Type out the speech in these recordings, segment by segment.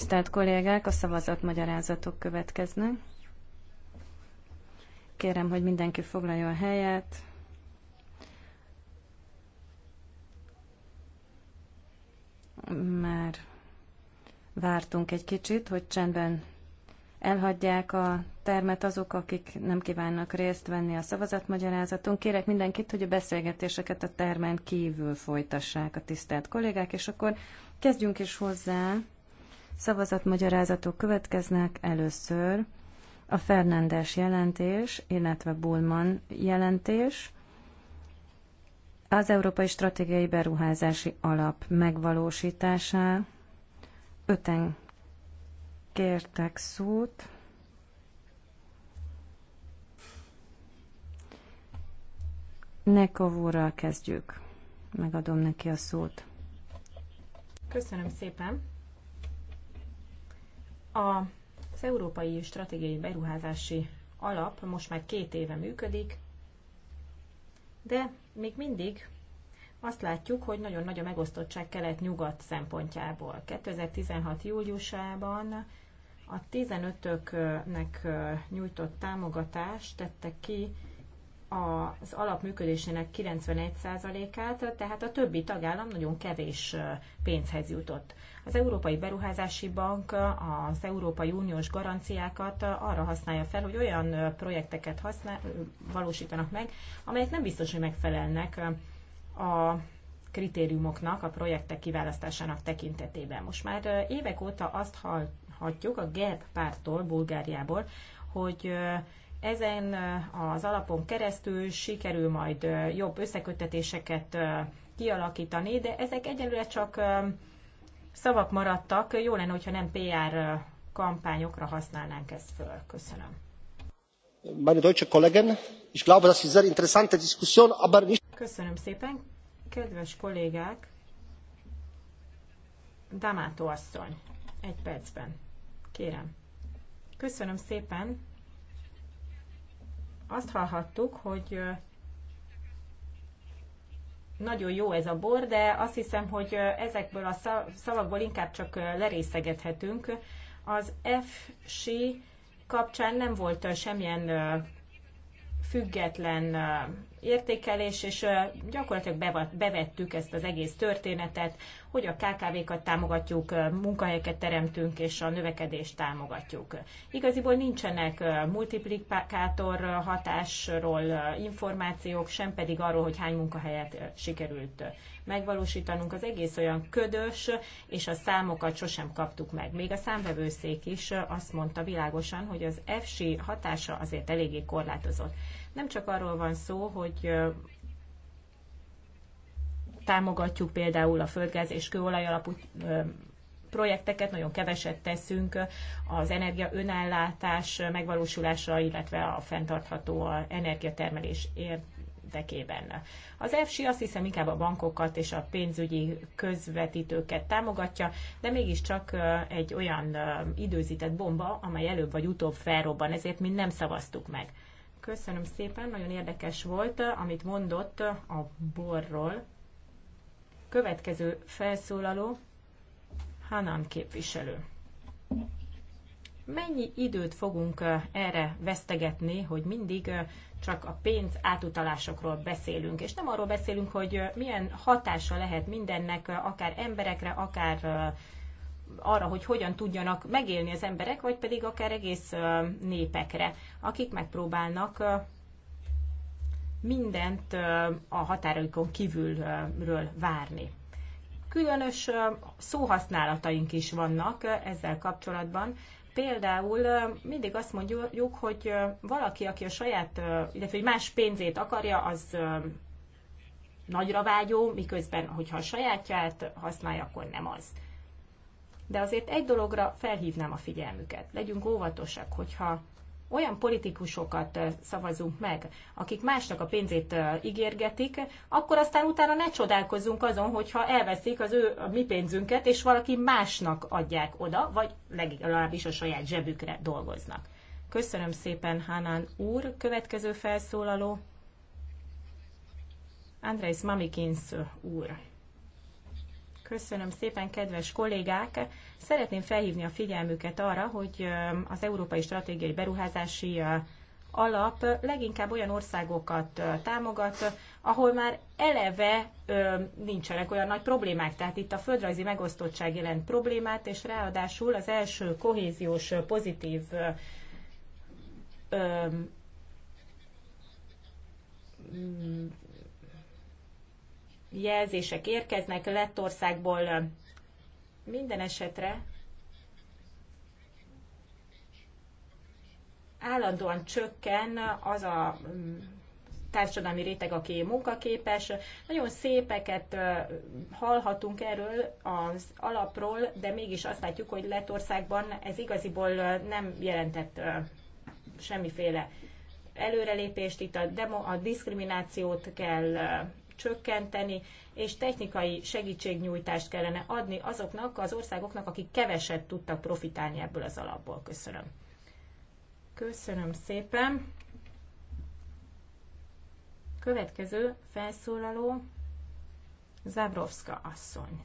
Tisztelt kollégák, a szavazatmagyarázatok következnek. Kérem, hogy mindenki foglalja a helyet. Már vártunk egy kicsit, hogy csendben elhagyják a termet azok, akik nem kívánnak részt venni a szavazatmagyarázaton. Kérek mindenkit, hogy a beszélgetéseket a termen kívül folytassák a tisztelt kollégák, és akkor kezdjünk is hozzá Szavazatmagyarázatok következnek először a Fernándes jelentés, illetve Bulman jelentés, az Európai Stratégiai Beruházási Alap megvalósítása. Öten kértek szót. Nekovúrral kezdjük. Megadom neki a szót. Köszönöm szépen. Az Európai Stratégiai Beruházási Alap most már két éve működik, de még mindig azt látjuk, hogy nagyon nagy a megosztottság kelet-nyugat szempontjából. 2016. júliusában a 15-öknek nyújtott támogatást tette ki az alapműködésének 91%-át, tehát a többi tagállam nagyon kevés pénzhez jutott. Az Európai Beruházási Bank az Európai Uniós garanciákat arra használja fel, hogy olyan projekteket használ, valósítanak meg, amelyek nem biztos, hogy megfelelnek a kritériumoknak a projektek kiválasztásának tekintetében. Most már évek óta azt hallhatjuk a GERB pártól, Bulgáriából, hogy ezen az alapon keresztül sikerül majd jobb összeköttetéseket kialakítani, de ezek egyelőre csak szavak maradtak. Jó lenne, hogyha nem PR kampányokra használnánk ezt föl. Köszönöm. interessante Köszönöm szépen, kedves kollégák. Damátó asszony, egy percben. Kérem. Köszönöm szépen azt hallhattuk, hogy nagyon jó ez a bor, de azt hiszem, hogy ezekből a szavakból inkább csak lerészegethetünk. Az FSI kapcsán nem volt semmilyen független értékelés, és gyakorlatilag bevettük ezt az egész történetet, hogy a KKV-kat támogatjuk, munkahelyeket teremtünk, és a növekedést támogatjuk. Igaziból nincsenek multiplikátor hatásról információk, sem pedig arról, hogy hány munkahelyet sikerült megvalósítanunk. Az egész olyan ködös, és a számokat sosem kaptuk meg. Még a számvevőszék is azt mondta világosan, hogy az EFSI hatása azért eléggé korlátozott. Nem csak arról van szó, hogy támogatjuk például a földgáz és kőolaj alapú projekteket, nagyon keveset teszünk az energia önellátás megvalósulása, illetve a fenntartható energiatermelés érdekében. Az EFSI azt hiszem inkább a bankokat és a pénzügyi közvetítőket támogatja, de mégiscsak egy olyan időzített bomba, amely előbb vagy utóbb felrobban, ezért mi nem szavaztuk meg. Köszönöm szépen, nagyon érdekes volt, eh, amit mondott eh, a borról. Következő felszólaló, Hanan képviselő. Mennyi időt fogunk eh, erre vesztegetni, hogy mindig csak a pénz átutalásokról beszélünk, és nem arról beszélünk, hogy milyen hatása lehet mindennek akár emberekre, akár arra, hogy hogyan tudjanak megélni az emberek, vagy pedig akár egész népekre, akik megpróbálnak mindent a határaikon kívülről várni. Különös szóhasználataink is vannak ezzel kapcsolatban. Például mindig azt mondjuk, hogy valaki, aki a saját, illetve hogy más pénzét akarja, az nagyra vágyó, miközben, hogyha a sajátját használja, akkor nem az de azért egy dologra felhívnám a figyelmüket. Legyünk óvatosak, hogyha olyan politikusokat szavazunk meg, akik másnak a pénzét ígérgetik, akkor aztán utána ne csodálkozzunk azon, hogyha elveszik az ő a mi pénzünket, és valaki másnak adják oda, vagy legalábbis a saját zsebükre dolgoznak. Köszönöm szépen, Hánán úr. Következő felszólaló. Andrész Mamikins úr. Köszönöm szépen, kedves kollégák! Szeretném felhívni a figyelmüket arra, hogy az Európai Stratégiai Beruházási Alap leginkább olyan országokat támogat, ahol már eleve nincsenek olyan nagy problémák. Tehát itt a földrajzi megosztottság jelent problémát, és ráadásul az első kohéziós pozitív jelzések érkeznek Lettországból minden esetre állandóan csökken az a mm, társadalmi réteg, aki munkaképes. Nagyon szépeket hallhatunk erről az alapról, de mégis azt látjuk, hogy Lettországban ez igaziból nem jelentett semmiféle előrelépést. Itt a, demo, a diszkriminációt kell csökkenteni, és technikai segítségnyújtást kellene adni azoknak az országoknak, akik keveset tudtak profitálni ebből az alapból. Köszönöm. Köszönöm szépen. Következő felszólaló Zabrovska asszony.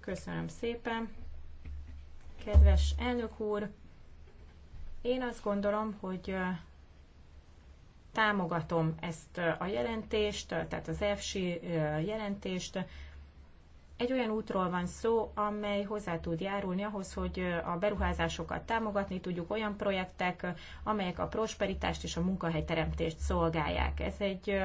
Köszönöm szépen. Kedves elnök úr, én azt gondolom, hogy támogatom ezt a jelentést, tehát az EFSI jelentést. Egy olyan útról van szó, amely hozzá tud járulni ahhoz, hogy a beruházásokat támogatni tudjuk, olyan projektek, amelyek a prosperitást és a munkahelyteremtést szolgálják. Ez egy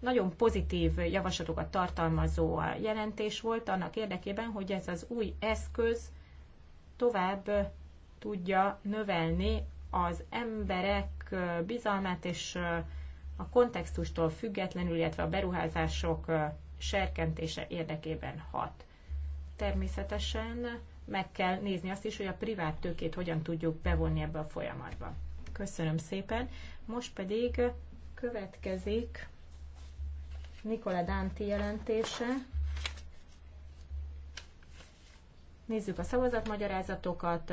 nagyon pozitív javaslatokat tartalmazó jelentés volt annak érdekében, hogy ez az új eszköz tovább tudja növelni az emberek bizalmát, és a kontextustól függetlenül, illetve a beruházások serkentése érdekében hat. Természetesen meg kell nézni azt is, hogy a privát tőkét hogyan tudjuk bevonni ebbe a folyamatba. Köszönöm szépen. Most pedig következik Nikola Dánti jelentése. Nézzük a szavazatmagyarázatokat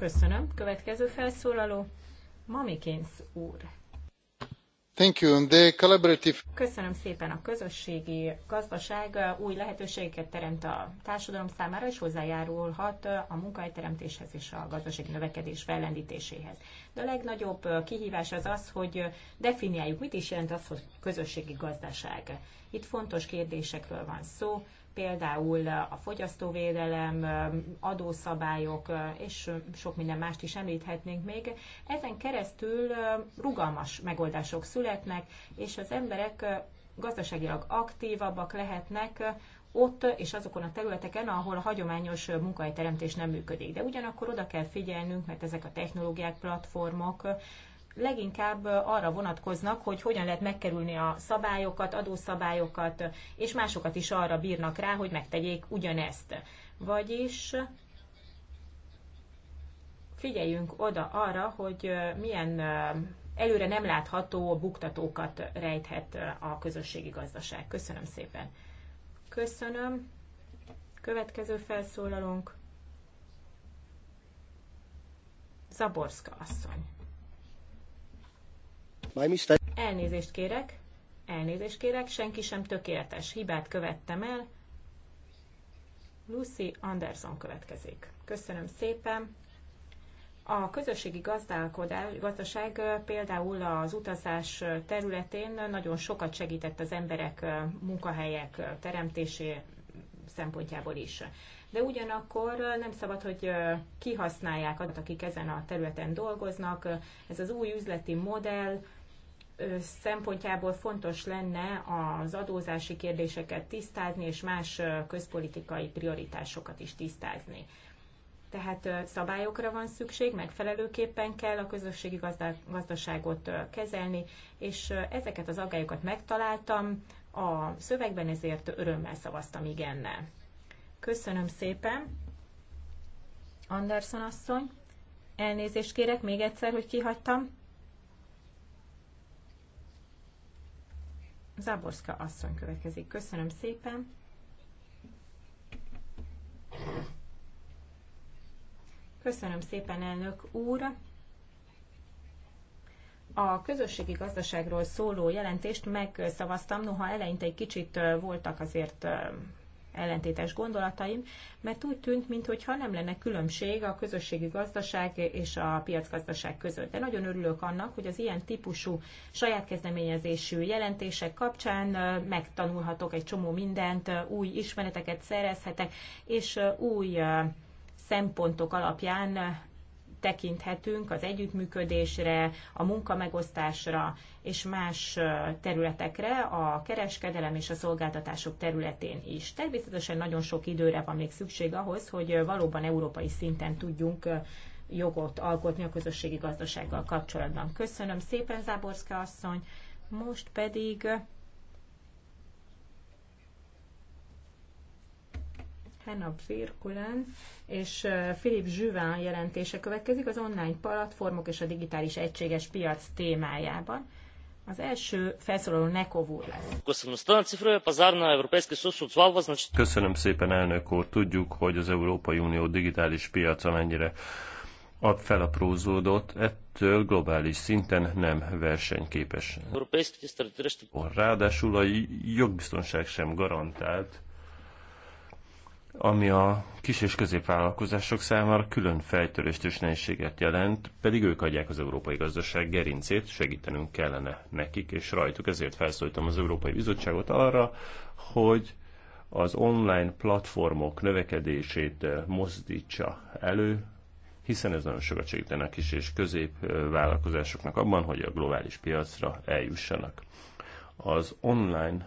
Köszönöm. Következő felszólaló, Mamikins úr. Thank you. The collaborative... Köszönöm szépen a közösségi gazdaság uh, új lehetőségeket teremt a társadalom számára, és hozzájárulhat uh, a munkahelyteremtéshez és a gazdasági növekedés fellendítéséhez. De a legnagyobb uh, kihívás az az, hogy definiáljuk, mit is jelent az, hogy közösségi gazdaság. Itt fontos kérdésekről van szó, például a fogyasztóvédelem, adószabályok és sok minden mást is említhetnénk még. Ezen keresztül rugalmas megoldások születnek, és az emberek gazdaságilag aktívabbak lehetnek, ott és azokon a területeken, ahol a hagyományos munkahelyteremtés nem működik. De ugyanakkor oda kell figyelnünk, mert ezek a technológiák, platformok leginkább arra vonatkoznak, hogy hogyan lehet megkerülni a szabályokat, adószabályokat, és másokat is arra bírnak rá, hogy megtegyék ugyanezt. Vagyis figyeljünk oda arra, hogy milyen előre nem látható buktatókat rejthet a közösségi gazdaság. Köszönöm szépen. Köszönöm. Következő felszólalónk. Zaborska asszony. My mistake. Elnézést kérek, elnézést kérek, senki sem tökéletes. Hibát követtem el. Lucy Anderson következik. Köszönöm szépen. A közösségi gazdálkodás, gazdaság például az utazás területén nagyon sokat segített az emberek munkahelyek teremtésé szempontjából is. De ugyanakkor nem szabad, hogy kihasználják azokat, akik ezen a területen dolgoznak. Ez az új üzleti modell szempontjából fontos lenne az adózási kérdéseket tisztázni, és más közpolitikai prioritásokat is tisztázni. Tehát szabályokra van szükség, megfelelőképpen kell a közösségi gazdaságot kezelni, és ezeket az aggályokat megtaláltam a szövegben, ezért örömmel szavaztam igennel. Köszönöm szépen, Anderson asszony. Elnézést kérek még egyszer, hogy kihagytam. Záborszka asszony következik. Köszönöm szépen. Köszönöm szépen, elnök úr. A közösségi gazdaságról szóló jelentést megszavaztam, noha eleinte egy kicsit voltak azért ellentétes gondolataim, mert úgy tűnt, mintha nem lenne különbség a közösségi gazdaság és a piacgazdaság között. De nagyon örülök annak, hogy az ilyen típusú saját kezdeményezésű jelentések kapcsán megtanulhatok egy csomó mindent, új ismereteket szerezhetek, és új szempontok alapján tekinthetünk az együttműködésre, a munkamegosztásra és más területekre, a kereskedelem és a szolgáltatások területén is. Természetesen nagyon sok időre van még szükség ahhoz, hogy valóban európai szinten tudjunk jogot alkotni a közösségi gazdasággal kapcsolatban. Köszönöm szépen, Záborszka asszony! Most pedig Henna Virkulen és Philip Juvin jelentése következik az online platformok és a digitális egységes piac témájában. Az első felszólaló Nekov lesz. Szóval Köszönöm szépen, elnök úr. Tudjuk, hogy az Európai Unió digitális piaca mennyire a felaprózódott, ettől globális szinten nem versenyképes. Ráadásul a jogbiztonság sem garantált ami a kis és középvállalkozások számára külön fejtörést és nehézséget jelent, pedig ők adják az európai gazdaság gerincét, segítenünk kellene nekik és rajtuk, ezért felszólítom az Európai Bizottságot arra, hogy az online platformok növekedését mozdítsa elő, hiszen ez nagyon sokat segítene a kis és középvállalkozásoknak abban, hogy a globális piacra eljussanak. Az online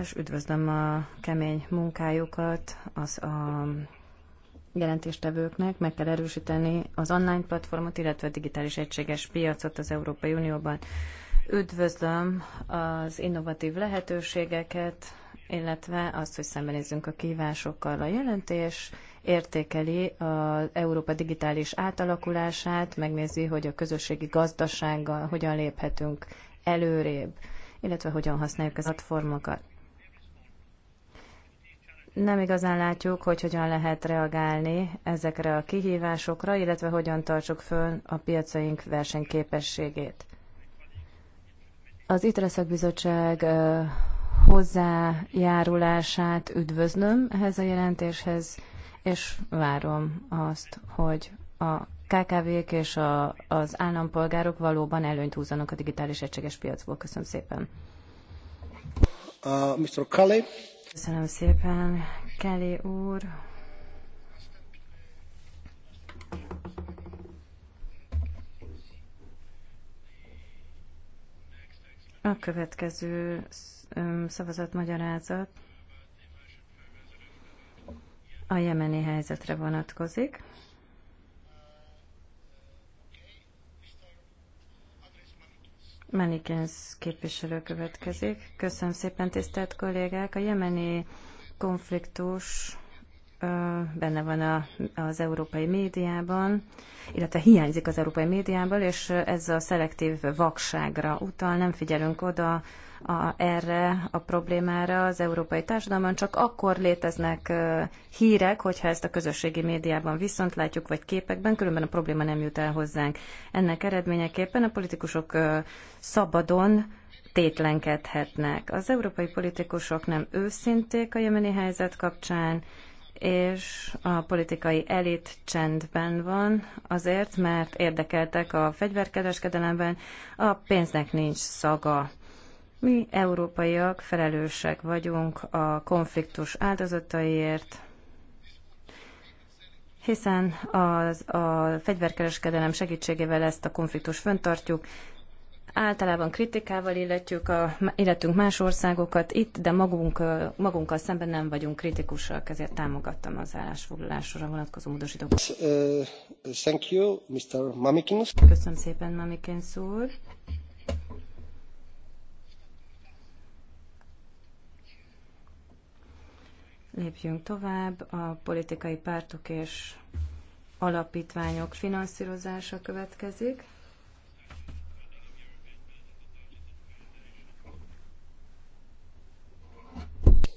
és üdvözlöm a kemény munkájukat az a jelentéstevőknek. Meg kell erősíteni az online platformot, illetve a digitális egységes piacot az Európai Unióban. Üdvözlöm az innovatív lehetőségeket, illetve azt, hogy szembenézzünk a kívásokkal. A jelentés értékeli az Európa digitális átalakulását, megnézi, hogy a közösségi gazdasággal hogyan léphetünk előrébb illetve hogyan használjuk az platformokat. Nem igazán látjuk, hogy hogyan lehet reagálni ezekre a kihívásokra, illetve hogyan tartsuk fönn a piacaink versenyképességét. Az ITRE Bizottság hozzájárulását üdvözlöm ehhez a jelentéshez, és várom azt, hogy a KKV-k és a, az állampolgárok valóban előnyt húzanak a digitális egységes piacból. Köszönöm szépen. Uh, Mr. Kelly. Köszönöm szépen, Kelly úr. A következő um, szavazatmagyarázat a jemeni helyzetre vonatkozik. Menikens képviselő következik. Köszönöm szépen, tisztelt kollégák! A jemeni konfliktus benne van a, az európai médiában, illetve hiányzik az európai médiából, és ez a szelektív vakságra utal, nem figyelünk oda a, erre a problémára az európai társadalomban, csak akkor léteznek hírek, hogyha ezt a közösségi médiában viszont látjuk, vagy képekben, különben a probléma nem jut el hozzánk. Ennek eredményeképpen a politikusok szabadon tétlenkedhetnek. Az európai politikusok nem őszinték a jemeni helyzet kapcsán, és a politikai elit csendben van azért, mert érdekeltek a fegyverkereskedelemben, a pénznek nincs szaga. Mi európaiak felelősek vagyunk a konfliktus áldozataiért, hiszen az, a fegyverkereskedelem segítségével ezt a konfliktus föntartjuk, Általában kritikával illetjük a, illetünk más országokat itt, de magunk, magunkkal szemben nem vagyunk kritikusak, ezért támogattam az állásfoglalásra vonatkozó módosítókat. Uh, thank you, Mr. Mamikins. Köszönöm szépen, Mamikins úr. Lépjünk tovább. A politikai pártok és alapítványok finanszírozása következik.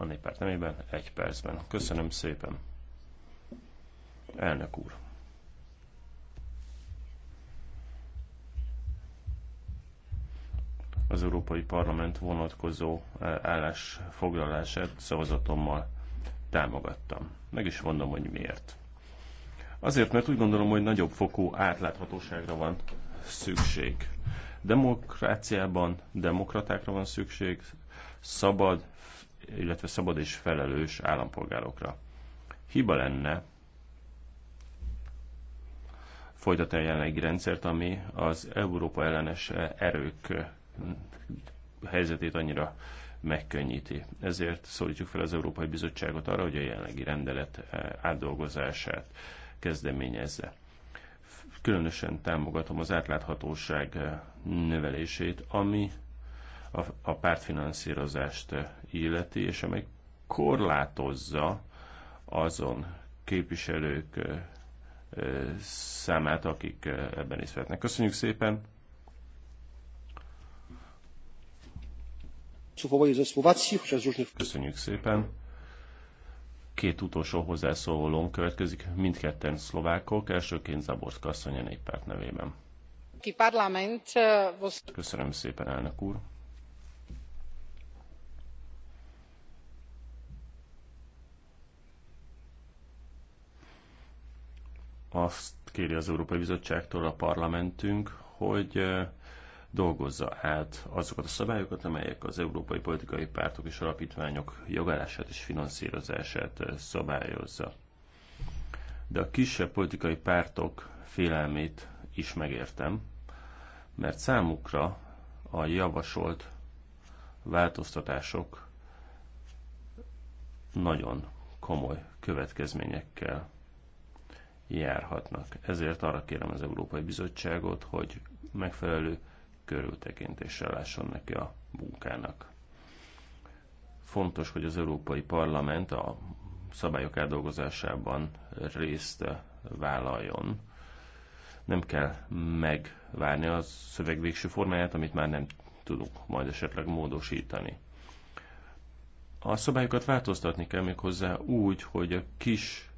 a néppárt nemében egy percben. Köszönöm szépen. Elnök úr. Az Európai Parlament vonatkozó e, állásfoglalását szavazatommal támogattam. Meg is mondom, hogy miért. Azért, mert úgy gondolom, hogy nagyobb fokú átláthatóságra van szükség. Demokráciában demokratákra van szükség, szabad, illetve szabad és felelős állampolgárokra. Hiba lenne folytatni a jelenlegi rendszert, ami az Európa ellenes erők helyzetét annyira megkönnyíti. Ezért szólítjuk fel az Európai Bizottságot arra, hogy a jelenlegi rendelet eh, átdolgozását kezdeményezze. Különösen támogatom az átláthatóság eh, növelését, ami a, a pártfinanszírozást eh, illeti, és amely korlátozza azon képviselők számát, akik ebben is vehetnek. Köszönjük szépen! Köszönjük szépen! Két utolsó hozzászólón következik, mindketten szlovákok, elsőként Zaborszka asszony a néppárt nevében. Köszönöm szépen, elnök úr! azt kéri az Európai Bizottságtól a parlamentünk, hogy dolgozza át azokat a szabályokat, amelyek az európai politikai pártok és alapítványok jogállását és finanszírozását szabályozza. De a kisebb politikai pártok félelmét is megértem, mert számukra a javasolt változtatások nagyon komoly következményekkel járhatnak. Ezért arra kérem az Európai Bizottságot, hogy megfelelő körültekintéssel lásson neki a munkának. Fontos, hogy az Európai Parlament a szabályok eldolgozásában részt vállaljon. Nem kell megvárni a szöveg végső formáját, amit már nem tudunk majd esetleg módosítani. A szabályokat változtatni kell még hozzá úgy, hogy a kis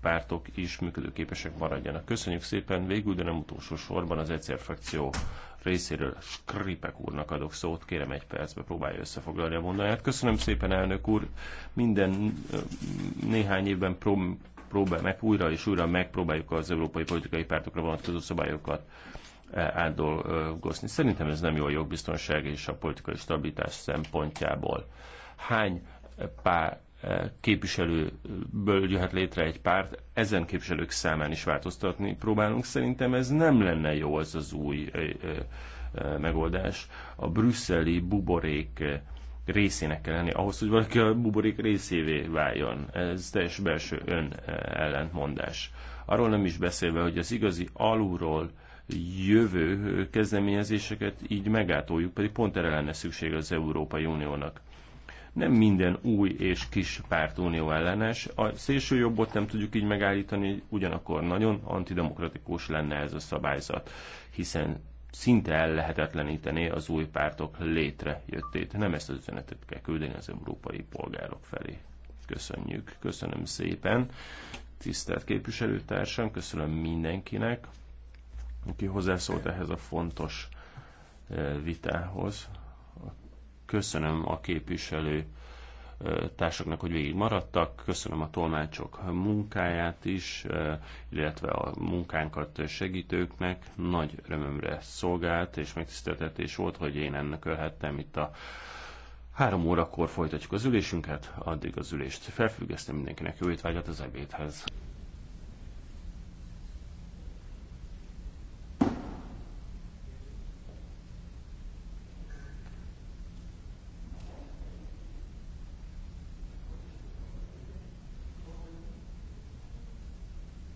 pártok is működőképesek maradjanak. Köszönjük szépen, végül, de nem utolsó sorban az egyszer frakció részéről Skripek úrnak adok szót, kérem egy percbe próbálja összefoglalni a mondanát. Köszönöm szépen, elnök úr, minden néhány évben prób próbál, meg újra és újra megpróbáljuk az európai politikai pártokra vonatkozó szabályokat e, átdolgozni. Szerintem ez nem jó a jogbiztonság és a politikai stabilitás szempontjából. Hány pár, képviselőből jöhet létre egy párt, ezen képviselők számán is változtatni próbálunk. Szerintem ez nem lenne jó az az új megoldás. A brüsszeli buborék részének kell lenni ahhoz, hogy valaki a buborék részévé váljon. Ez teljes belső ön ellentmondás. Arról nem is beszélve, hogy az igazi alulról jövő kezdeményezéseket így megátoljuk, pedig pont erre lenne szükség az Európai Uniónak. Nem minden új és kis pártunió ellenes. A szélső jobbot nem tudjuk így megállítani, ugyanakkor nagyon antidemokratikus lenne ez a szabályzat, hiszen szinte el lehetetlenítené az új pártok létrejöttét. Nem ezt az üzenetet kell küldeni az európai polgárok felé. Köszönjük, köszönöm szépen. Tisztelt képviselőtársam, köszönöm mindenkinek, aki hozzászólt ehhez a fontos eh, vitához. A Köszönöm a képviselő társaknak, hogy végig maradtak. Köszönöm a tolmácsok munkáját is, illetve a munkánkat segítőknek. Nagy örömömre szolgált és megtiszteltetés volt, hogy én ennek ölhettem itt a Három órakor folytatjuk az ülésünket, addig az ülést felfüggesztem mindenkinek jó étvágyat az ebédhez.